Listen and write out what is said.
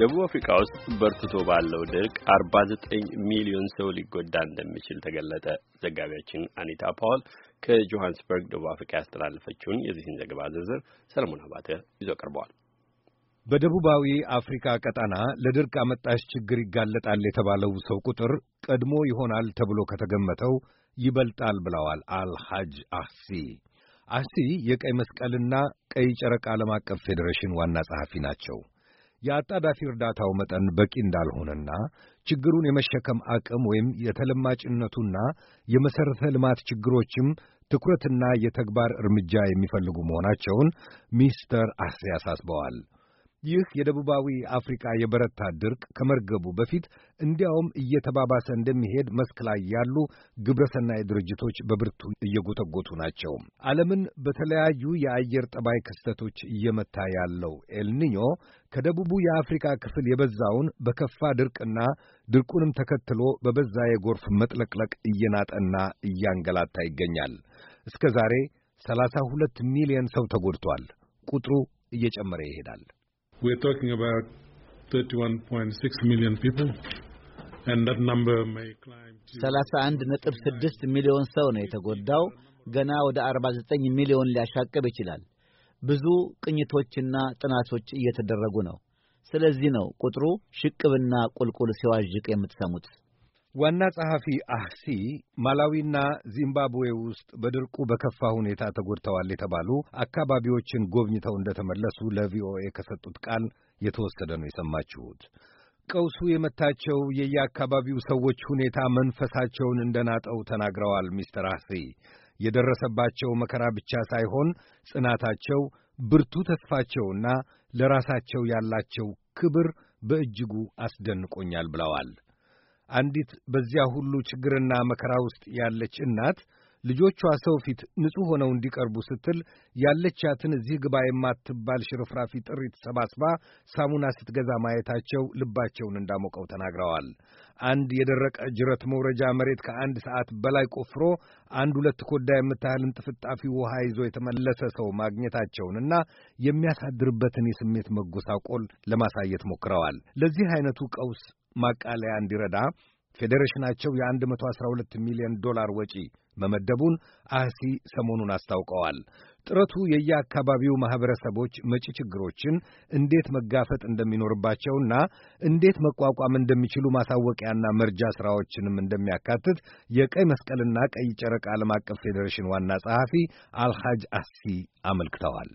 ደቡብ አፍሪካ ውስጥ በርትቶ ባለው ድርቅ 49 ሚሊዮን ሰው ሊጎዳ እንደሚችል ተገለጠ። ዘጋቢያችን አኒታ ፓውል ከጆሃንስበርግ ደቡብ አፍሪካ ያስተላለፈችውን የዚህን ዘገባ ዝርዝር ሰለሞን አባተ ይዞ ቀርበዋል። በደቡባዊ አፍሪካ ቀጠና ለድርቅ አመጣሽ ችግር ይጋለጣል የተባለው ሰው ቁጥር ቀድሞ ይሆናል ተብሎ ከተገመተው ይበልጣል ብለዋል አልሐጅ አህሲ። አህሲ የቀይ መስቀልና ቀይ ጨረቃ ዓለም አቀፍ ፌዴሬሽን ዋና ጸሐፊ ናቸው። የአጣዳፊ እርዳታው መጠን በቂ እንዳልሆነና ችግሩን የመሸከም አቅም ወይም የተለማጭነቱና የመሠረተ ልማት ችግሮችም ትኩረትና የተግባር እርምጃ የሚፈልጉ መሆናቸውን ሚስተር አስሪ አሳስበዋል። ይህ የደቡባዊ አፍሪካ የበረታ ድርቅ ከመርገቡ በፊት እንዲያውም እየተባባሰ እንደሚሄድ መስክ ላይ ያሉ ግብረሰናይ ድርጅቶች በብርቱ እየጎተጎቱ ናቸው። ዓለምን በተለያዩ የአየር ጠባይ ክስተቶች እየመታ ያለው ኤልኒኞ ከደቡቡ የአፍሪካ ክፍል የበዛውን በከፋ ድርቅና ድርቁንም ተከትሎ በበዛ የጎርፍ መጥለቅለቅ እየናጠና እያንገላታ ይገኛል። እስከ ዛሬ 32 ሚሊዮን ሰው ተጎድቷል። ቁጥሩ እየጨመረ ይሄዳል። We're talking about 31.6 million people. And that number may climb to 31.6 ሚሊዮን ሰው ነው የተጎዳው። ገና ወደ 49 ሚሊዮን ሊያሻቅብ ይችላል። ብዙ ቅኝቶችና ጥናቶች እየተደረጉ ነው። ስለዚህ ነው ቁጥሩ ሽቅብና ቁልቁል ሲዋዥቅ የምትሰሙት። ዋና ጸሐፊ አህሲ ማላዊና ዚምባብዌ ውስጥ በድርቁ በከፋ ሁኔታ ተጎድተዋል የተባሉ አካባቢዎችን ጎብኝተው እንደተመለሱ ለቪኦኤ ከሰጡት ቃል የተወሰደ ነው የሰማችሁት። ቀውሱ የመታቸው የየአካባቢው ሰዎች ሁኔታ መንፈሳቸውን እንደናጠው ተናግረዋል። ሚስተር አህሲ የደረሰባቸው መከራ ብቻ ሳይሆን ጽናታቸው፣ ብርቱ ተስፋቸውና ለራሳቸው ያላቸው ክብር በእጅጉ አስደንቆኛል ብለዋል። አንዲት በዚያ ሁሉ ችግርና መከራ ውስጥ ያለች እናት ልጆቿ ሰው ፊት ንጹሕ ሆነው እንዲቀርቡ ስትል ያለቻትን እዚህ ግባ የማትባል ሽርፍራፊ ጥሪት ሰባስባ ሳሙና ስትገዛ ማየታቸው ልባቸውን እንዳሞቀው ተናግረዋል። አንድ የደረቀ ጅረት መውረጃ መሬት ከአንድ ሰዓት በላይ ቆፍሮ አንድ ሁለት ኮዳ የምታህልን ጥፍጣፊ ውሃ ይዞ የተመለሰ ሰው ማግኘታቸውንና የሚያሳድርበትን የስሜት መጎሳቆል ለማሳየት ሞክረዋል። ለዚህ አይነቱ ቀውስ ማቃለያ እንዲረዳ ፌዴሬሽናቸው የ112 ሚሊዮን ዶላር ወጪ መመደቡን አህሲ ሰሞኑን አስታውቀዋል። ጥረቱ የየአካባቢው ማኅበረሰቦች መጪ ችግሮችን እንዴት መጋፈጥ እንደሚኖርባቸውና እንዴት መቋቋም እንደሚችሉ ማሳወቂያና መርጃ ሥራዎችንም እንደሚያካትት የቀይ መስቀልና ቀይ ጨረቃ ዓለም አቀፍ ፌዴሬሽን ዋና ጸሐፊ አልሃጅ አህሲ አመልክተዋል።